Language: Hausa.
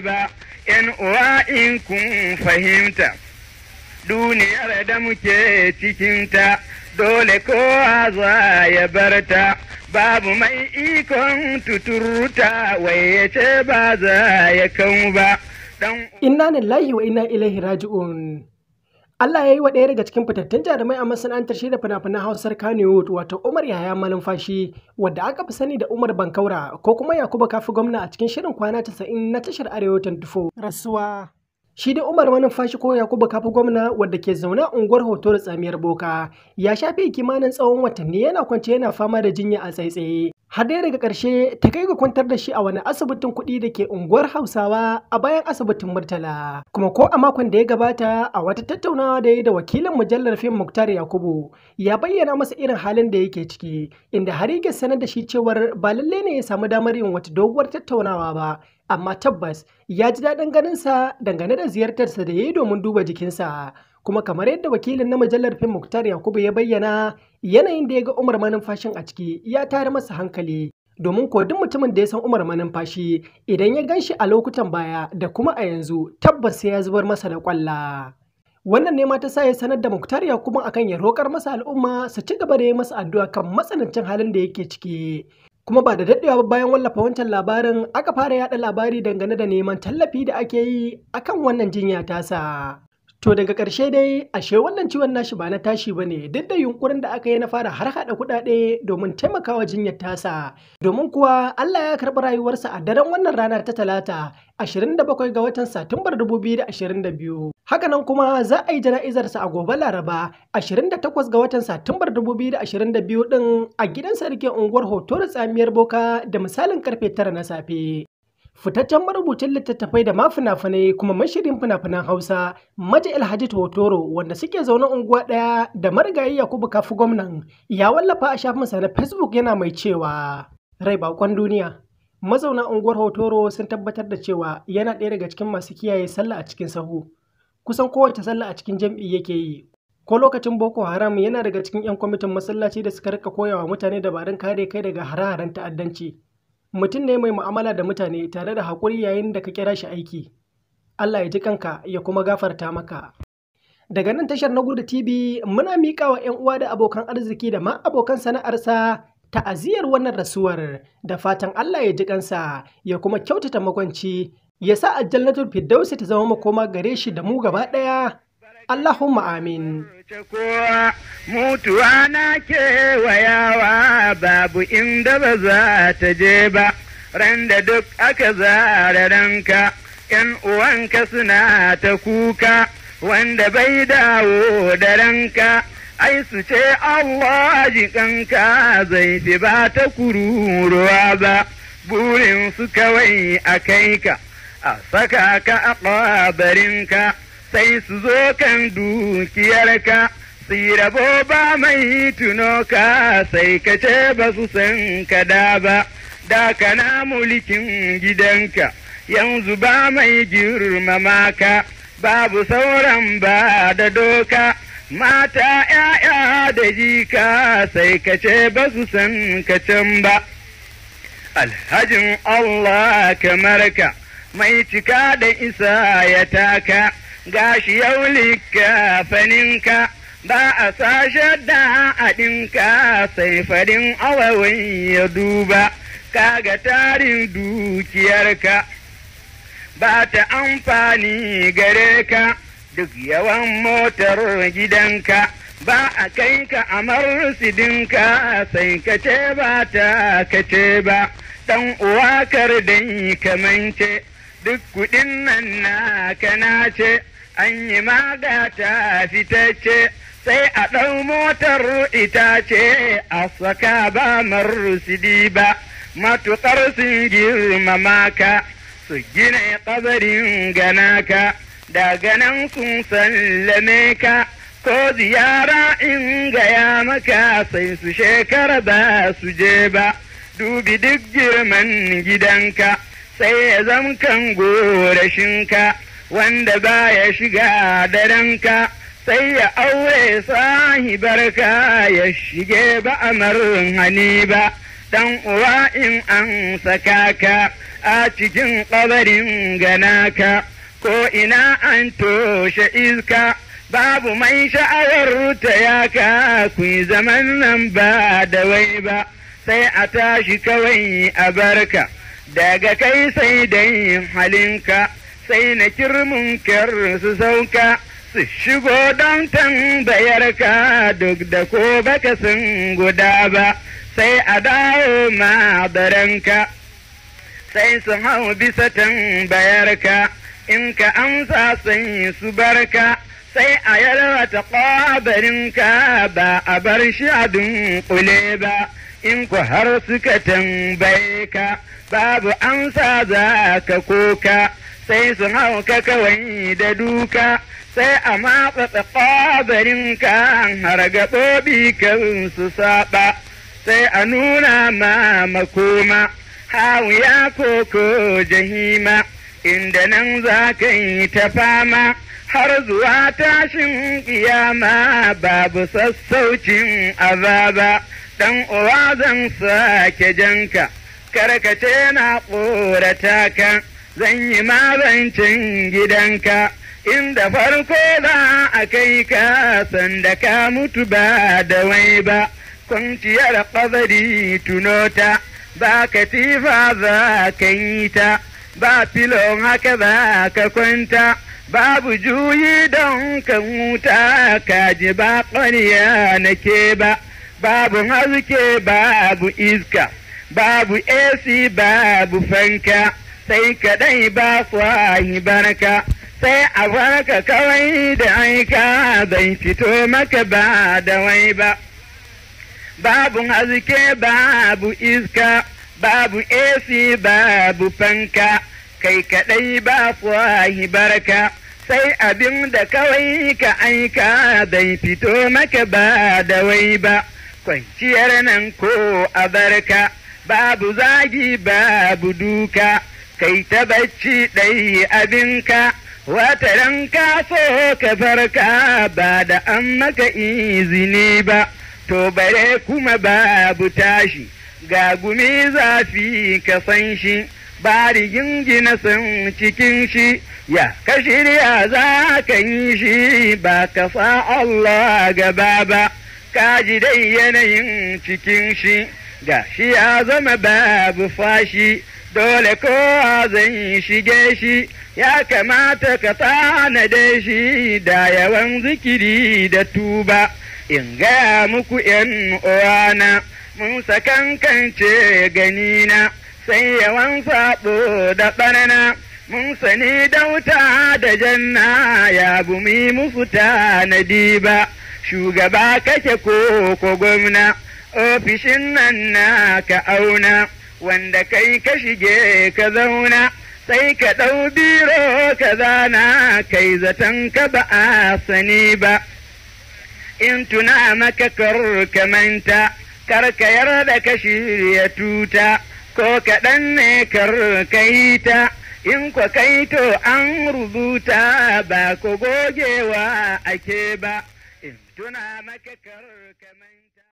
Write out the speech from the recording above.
ba ‘yan uwa in kun fahimta duniyar da muke cikinta dole kowa za ya barta babu mai ikon tuturta wai ya ce ba za ya kan ba. Inna lillahi wa inna ilaihi raji'un. Allah ya yi wa ɗaya daga cikin fitattun jarumai a masana'antar shirya fina-finan Hausar Kannywood wato Umar Yahaya Malumfashi wadda aka fi sani da Umar Bankaura ko kuma Yakubu Kafi Gwamna a cikin shirin kwana casa'in na tashar arewacin tufo. rasuwa. Shi da Umar Malumfashi ko Yakubu Kafi Gwamna wadda ke zaune a unguwar hoto da tsamiyar boka ya shafi kimanin tsawon watanni yana kwance yana fama da jinya a tsaitsaye har dai daga ƙarshe ta kai ga kwantar da shi a wani asibitin kuɗi da ke unguwar hausawa a bayan asibitin murtala kuma ko a makon da ya gabata a wata tattaunawa da ya da wakilin mujallar fim muktar yakubu ya bayyana masa irin halin da yake ciki inda har yake sanar da shi cewar ba lallai ne ya samu damar yin wata doguwar tattaunawa ba amma tabbas ya ji daɗin ganinsa dangane da ziyartarsa da ya yi domin duba jikinsa kuma kamar yadda wakilin na mujallar fim muktar yakubu ya bayyana Yanayin da ya ga Umar manumfashin a ciki ya tayar masa hankali domin ko duk mutumin da ya san Umar manumfashi idan ya gan shi a lokutan baya da kuma a yanzu tabbas sai ya zubar masa da kwalla. Wannan ne ma ta sa ya sanar da Muktar kuma akan ya roƙar masa al'umma su ci gaba da yi masa addu'a kan matsanancin halin da yake ciki. Kuma ba da daɗewa ba bayan wallafa wancan labarin aka fara yaɗa labari dangane da neman tallafi da ake yi akan wannan jinya tasa. To daga ƙarshe dai ashe wannan ciwon nashi ba na tashi ba ne duk da yunkurin da aka yi na fara har haɗa kuɗaɗe domin taimakawa jinyar tasa. Domin kuwa Allah ya karɓi rayuwarsa a daren wannan ranar ta talata 27 ga watan Satumbar 2022. Hakanan kuma za a yi jana'izarsa a gobe Laraba 28 ga watan Satumbar 2022 ɗin a gidan sarkin unguwar Hoto da Tsamiyar Boka da misalin karfe 9 na safe. fitaccen marubucin littattafai da ma fina kuma mashirin fina-finan hausa maji alhaji hotoro wanda suke zaune unguwa ɗaya da marigayi yakubu kafi gwamnan ya wallafa a shafinsa na facebook yana mai cewa rai bakon duniya mazauna unguwar hotoro sun tabbatar da cewa yana ɗaya daga cikin masu kiyaye sallah a cikin sahu kusan kowace sallah a cikin jam'i yake yi ko lokacin boko haram yana daga cikin 'yan kwamitin masallaci da suka rika koyawa mutane dabarun kare kai daga hare-haren ta'addanci mutum ne mai mu'amala da mutane tare da haƙuri yayin da ka kira shi aiki. Allah ya ji kanka ya kuma gafarta maka. Daga nan tashar na gudu TV muna miƙa wa ‘yan uwa da abokan arziki da ma abokan sana'arsa ta'aziyar wannan rasuwar da fatan Allah ya ji kansa ya kuma kyautata makwanci ya sa aljannatul firdausi ta zama makoma gare shi da mu gaba ɗaya Allahumma amin. Mutuwa na babu inda ba za ta je ba ran da duk aka zara ranka ‘yan uwanka suna ta kuka wanda bai dawo da ranka ai su ce Allah jiƙanka zai fi ba ta kururuwa ba burin su kawai a kai ka a saka ka a ƙabarinka sai su zo kan dukiyarka tsirabo ba mai tuno ka sai ka ce ba su san ka da ba da kana mulkin gidanka yanzu ba mai girmama ka babu sauran ba da doka mata ‘ya'ya da jika sai ka ce ba su san ka can ba. Alhajin Allah kamar ka, mai cika da isa ya taka, gashi yau lika faninka. ba a sashe da a ɗinka sai farin awawai ya duba kaga tarin dukiyarka ba ta amfani gare ka duk yawan motar gidanka ba a kai ka a marsidinka sai ka ce ba ta ka ce ba dan uwa dai kamance duk kudin nan na kana ce an yi maga ta fitacce sai a ɗan motar itace a saka ba marusidi ba matuƙar sun girmama ka su gina ƙabarin ka, da ganan sun sallame ka ko ziyara in gaya maka sai su shekara ba su je ba dubi duk girman gidanka sai ya zamkan gorashinka wanda ba ya shiga ka sai ya aure sahibarka ya shige ba a marin hani ba dan uwa in an saka ka a cikin ƙabarin ganaka ko ina an toshe iska babu mai sha'awar ta yaka ku zaman nan ba da wai ba sai a tashi kawai a barka daga kai sai dai halinka sai na kirmunkar su sauka su shigo don tambayar ka duk da ko baka sun guda ba sai a dawo ma baranka sai su hau bisa tambayarka in ka amsa sai su barka sai a yarwata ƙwabarinka ba a bar shi a dunkule ba in ku har suka tambaye ka babu amsa za ka koka sai su hau ka kawai da duka sai a matsa ƙwabarin ka har gaɓoɓi kan su saɓa sai a nuna ma makoma ko koko jahima inda nan za ka yi ta fama har zuwa tashin ƙiyama babu sassaucin azaba ɗan uwa zan sake janka karkace na ƙorata ka zan yi mazancin gidanka inda farko za a kai ka sanda ka mutu ba da wai ba kwanciyar ƙazari tunota ba katifa za ka yi ta ba filo haka za ka kwanta babu juyi don ka wuta ka ji ba na ke ba babu haske babu iska babu AC babu fanka sai kaɗai ba su barka sai a farka kawai da aika bai fito maka ba da wai ba. Babu haske babu iska, babu AC babu fanka, kai kaɗai ba fuwahi barka, sai abin da kawai ka aika bai fito maka ba da wai ba, kwanciyar nan ko a barka, babu zagi babu duka, kai ta bacci ɗai abinka. Wata dan ka so ka farka ba da an maka izini ba to bare kuma babu tashi ga gumi zafi ka san shi ba rigingina sun cikin shi ya ka shirya za ka yi shi ba ka sa Allah gaba ba ka ji dai yanayin cikin shi ga shi ya zama babu fashi dole kowa zan shige shi ya kamata ka da shi da yawan zikiri da tuba in gaya muku ‘yan uwana mun sakankance ganina sai yawan saɓo da ɓanana mun sani dauta da janna ya gumi musu na diba shugaba kake ko ko gwamna ofishin nan na ka auna. wanda kai ka shige ka zauna sai ka ɗau biro ka zana kai zaton ka ba a sani ba in tuna maka kar ka manta kar ka yarda ka shirya tuta ko kaɗan ne kar ka yi ta in kwa kai to an rubuta ba ko gogewa ake ba in tuna maka kar